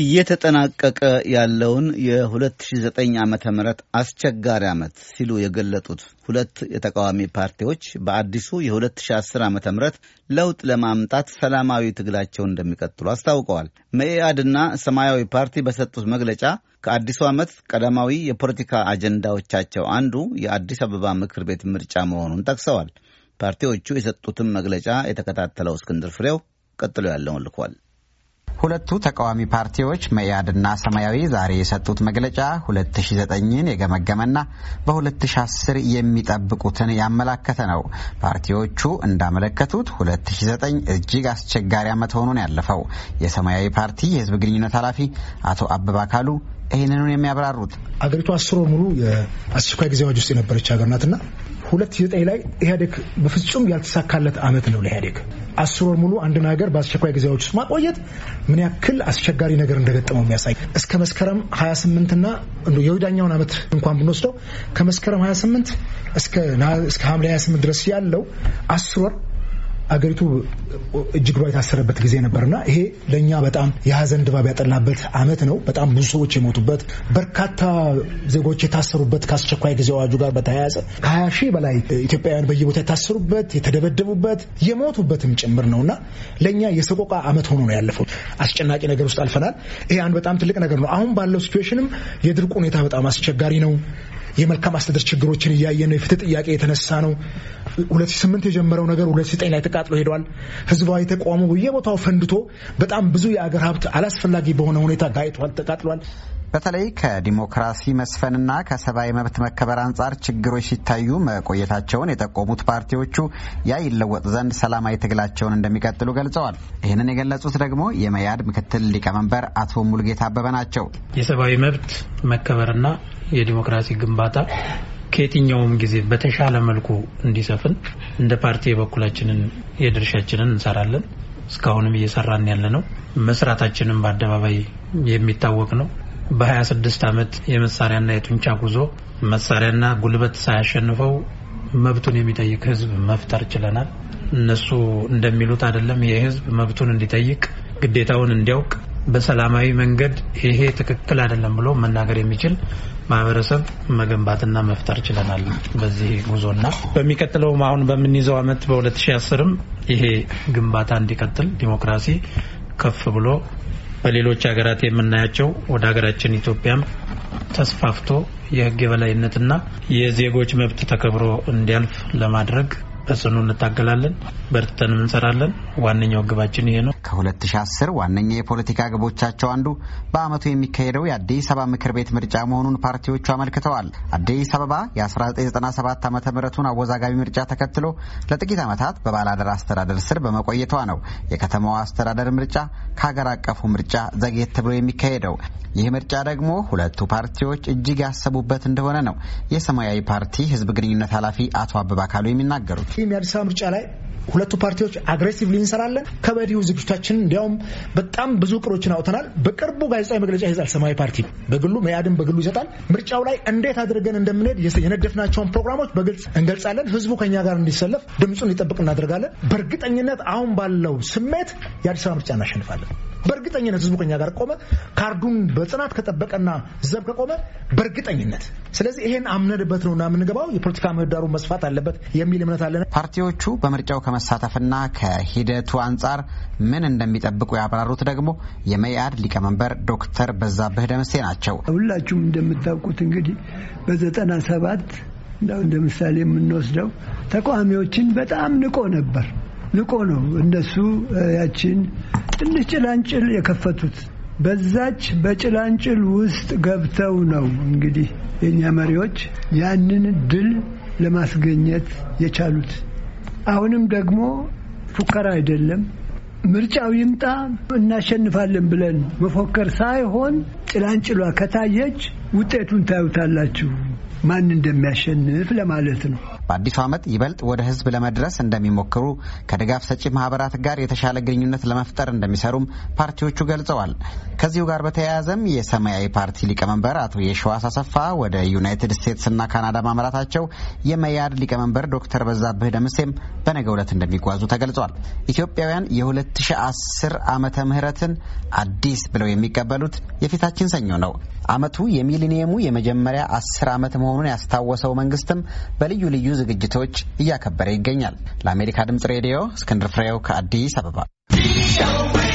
እየተጠናቀቀ ያለውን የ2009 ዓ ም አስቸጋሪ ዓመት ሲሉ የገለጡት ሁለት የተቃዋሚ ፓርቲዎች በአዲሱ የ2010 ዓ ም ለውጥ ለማምጣት ሰላማዊ ትግላቸውን እንደሚቀጥሉ አስታውቀዋል። መኢአድና ሰማያዊ ፓርቲ በሰጡት መግለጫ ከአዲሱ ዓመት ቀዳማዊ የፖለቲካ አጀንዳዎቻቸው አንዱ የአዲስ አበባ ምክር ቤት ምርጫ መሆኑን ጠቅሰዋል። ፓርቲዎቹ የሰጡትን መግለጫ የተከታተለው እስክንድር ፍሬው ቀጥሎ ያለውን ልኳል። ሁለቱ ተቃዋሚ ፓርቲዎች መኢአድና ሰማያዊ ዛሬ የሰጡት መግለጫ 2009ን የገመገመና በ2010 የሚጠብቁትን ያመላከተ ነው። ፓርቲዎቹ እንዳመለከቱት 2009 እጅግ አስቸጋሪ ዓመት ሆኑን ያለፈው የሰማያዊ ፓርቲ የህዝብ ግንኙነት ኃላፊ አቶ አበባ ካሉ ይህንኑን የሚያብራሩት አገሪቱ አስር ወር ሙሉ የአስቸኳይ ጊዜ አዋጅ ውስጥ የነበረች ሀገር ናትና 2009 ላይ ኢህአዴግ በፍጹም ያልተሳካለት አመት ነው ለኢህአዴግ። አስር ወር ሙሉ አንድን ሀገር በአስቸኳይ ጊዜዎች ውስጥ ማቆየት ምን ያክል አስቸጋሪ ነገር እንደገጠመው የሚያሳይ እስከ መስከረም 28ና የወዳኛውን ዓመት እንኳን ብንወስደው ከመስከረም 28 እስከ ሐምሌ 28 ድረስ ያለው አስር ወር አገሪቱ እጅግ ሯ የታሰረበት ጊዜ ነበርና ይሄ ለእኛ በጣም የሀዘን ድባብ ያጠላበት አመት ነው። በጣም ብዙ ሰዎች የሞቱበት፣ በርካታ ዜጎች የታሰሩበት ከአስቸኳይ ጊዜ አዋጁ ጋር በተያያዘ ከሀያ ሺህ በላይ ኢትዮጵያውያን በየቦታ የታሰሩበት፣ የተደበደቡበት፣ የሞቱበትም ጭምር እና ለእኛ የሰቆቃ አመት ሆኖ ነው ያለፈው። አስጨናቂ ነገር ውስጥ አልፈናል። ይሄ አንድ በጣም ትልቅ ነገር ነው። አሁን ባለው ሲትዌሽንም የድርቅ ሁኔታ በጣም አስቸጋሪ ነው። የመልካም አስተዳደር ችግሮችን እያየ ነው። የፍትህ ጥያቄ የተነሳ ነው። 2008 የጀመረው ነገር 2009 ላይ ተቃጥሎ ሄዷል። ህዝባዊ ተቋሙ በየቦታው ፈንድቶ በጣም ብዙ የአገር ሀብት አላስፈላጊ በሆነ ሁኔታ ጋይቷል፣ ተቃጥሏል። በተለይ ከዲሞክራሲ መስፈንና ከሰብአዊ መብት መከበር አንጻር ችግሮች ሲታዩ መቆየታቸውን የጠቆሙት ፓርቲዎቹ ያ ይለወጥ ዘንድ ሰላማዊ ትግላቸውን እንደሚቀጥሉ ገልጸዋል። ይህንን የገለጹት ደግሞ የመያድ ምክትል ሊቀመንበር አቶ ሙልጌታ አበበ ናቸው። የሰብአዊ መብት መከበርና የዲሞክራሲ ግንባታ ከየትኛውም ጊዜ በተሻለ መልኩ እንዲሰፍን እንደ ፓርቲ የበኩላችንን የድርሻችንን እንሰራለን። እስካሁንም እየሰራን ያለ ነው። መስራታችንም በአደባባይ የሚታወቅ ነው። በ26 ዓመት የመሳሪያና የጡንቻ ጉዞ መሳሪያና ጉልበት ሳያሸንፈው መብቱን የሚጠይቅ ህዝብ መፍጠር ችለናል። እነሱ እንደሚሉት አይደለም። ይህ ህዝብ መብቱን እንዲጠይቅ ግዴታውን እንዲያውቅ በሰላማዊ መንገድ ይሄ ትክክል አይደለም ብሎ መናገር የሚችል ማህበረሰብ መገንባትና መፍጠር ችለናል በዚህ ጉዞና በሚቀጥለውም አሁን በምንይዘው አመት በ2010ም ይሄ ግንባታ እንዲቀጥል ዲሞክራሲ ከፍ ብሎ በሌሎች ሀገራት የምናያቸው ወደ ሀገራችን ኢትዮጵያም ተስፋፍቶ የህግ የበላይነትና የዜጎች መብት ተከብሮ እንዲያልፍ ለማድረግ በጽኑ እንታገላለን፣ በርትተንም እንሰራለን። ዋነኛው ግባችን ይሄ ነው። ከ2010 ዋነኛ የፖለቲካ ግቦቻቸው አንዱ በአመቱ የሚካሄደው የአዲስ አበባ ምክር ቤት ምርጫ መሆኑን ፓርቲዎቹ አመልክተዋል። አዲስ አበባ የ1997 ዓ ምቱን አወዛጋቢ ምርጫ ተከትሎ ለጥቂት ዓመታት በባለአደራ አስተዳደር ስር በመቆየቷ ነው የከተማዋ አስተዳደር ምርጫ ከሀገር አቀፉ ምርጫ ዘግየት ተብሎ የሚካሄደው። ይህ ምርጫ ደግሞ ሁለቱ ፓርቲዎች እጅግ ያሰቡበት እንደሆነ ነው የሰማያዊ ፓርቲ ህዝብ ግንኙነት ኃላፊ አቶ አበባ ካሉ የሚናገሩት። ይህም የአዲስ አበባ ምርጫ ላይ ሁለቱ ፓርቲዎች አግሬሲቭ እንሰራለን፣ ከበዲሁ ዝግጅታችን እንዲያውም በጣም ብዙ እቅዶችን አውተናል። በቅርቡ ጋዜጣዊ መግለጫ ይዛል ሰማያዊ ፓርቲ በግሉ መያድን በግሉ ይሰጣል። ምርጫው ላይ እንዴት አድርገን እንደምንሄድ የነደፍናቸውን ፕሮግራሞች በግልጽ እንገልጻለን። ህዝቡ ከኛ ጋር እንዲሰለፍ ድምፁን ሊጠብቅ እናደርጋለን። በእርግጠኝነት አሁን ባለው ስሜት የአዲስ አበባ ምርጫ እናሸንፋለን። በእርግጠኝነት ህዝቡ ከኛ ጋር ቆመ። ካርዱን በጽናት ከጠበቀና ዘብ ከቆመ በእርግጠኝነት ስለዚህ ይሄን አምነንበት ነውና የምንገባው የፖለቲካ ምህዳሩ መስፋት አለበት የሚል እምነት አለን። ፓርቲዎቹ በምርጫው ከመሳተፍና ከሂደቱ አንጻር ምን እንደሚጠብቁ ያብራሩት ደግሞ የመኢአድ ሊቀመንበር ዶክተር በዛብህ ደምሴ ናቸው። ሁላችሁም እንደምታውቁት እንግዲህ በዘጠና ሰባት እንደ ምሳሌ የምንወስደው ተቃዋሚዎችን በጣም ንቆ ነበር። ልቆ ነው እነሱ ያችን ትንሽ ጭላንጭል የከፈቱት። በዛች በጭላንጭል ውስጥ ገብተው ነው እንግዲህ የእኛ መሪዎች ያንን ድል ለማስገኘት የቻሉት። አሁንም ደግሞ ፉከራ አይደለም። ምርጫው ይምጣ እናሸንፋለን ብለን መፎከር ሳይሆን ጭላንጭሏ ከታየች ውጤቱን ታዩታላችሁ ማን እንደሚያሸንፍ ለማለት ነው። በአዲሱ ዓመት ይበልጥ ወደ ህዝብ ለመድረስ እንደሚሞክሩ፣ ከድጋፍ ሰጪ ማህበራት ጋር የተሻለ ግንኙነት ለመፍጠር እንደሚሰሩም ፓርቲዎቹ ገልጸዋል። ከዚሁ ጋር በተያያዘም የሰማያዊ ፓርቲ ሊቀመንበር አቶ የሸዋስ አሰፋ ወደ ዩናይትድ እና ካናዳ ማምራታቸው፣ የመያድ ሊቀመንበር ዶክተር በዛብህ ደምሴም በነገው ዕለት እንደሚጓዙ ተገልጿል። ኢትዮጵያውያን የ2010 ዓመተ ምህረትን አዲስ ብለው የሚቀበሉት የፊታችን ሰኞ ነው። ዓመቱ የሚሊኒየሙ የመጀመሪያ አስር ዓመት መሆኑን ያስታወሰው መንግስትም በልዩ ልዩ ዝግጅቶች እያከበረ ይገኛል። ለአሜሪካ ድምጽ ሬዲዮ እስክንድር ፍሬው ከአዲስ አበባ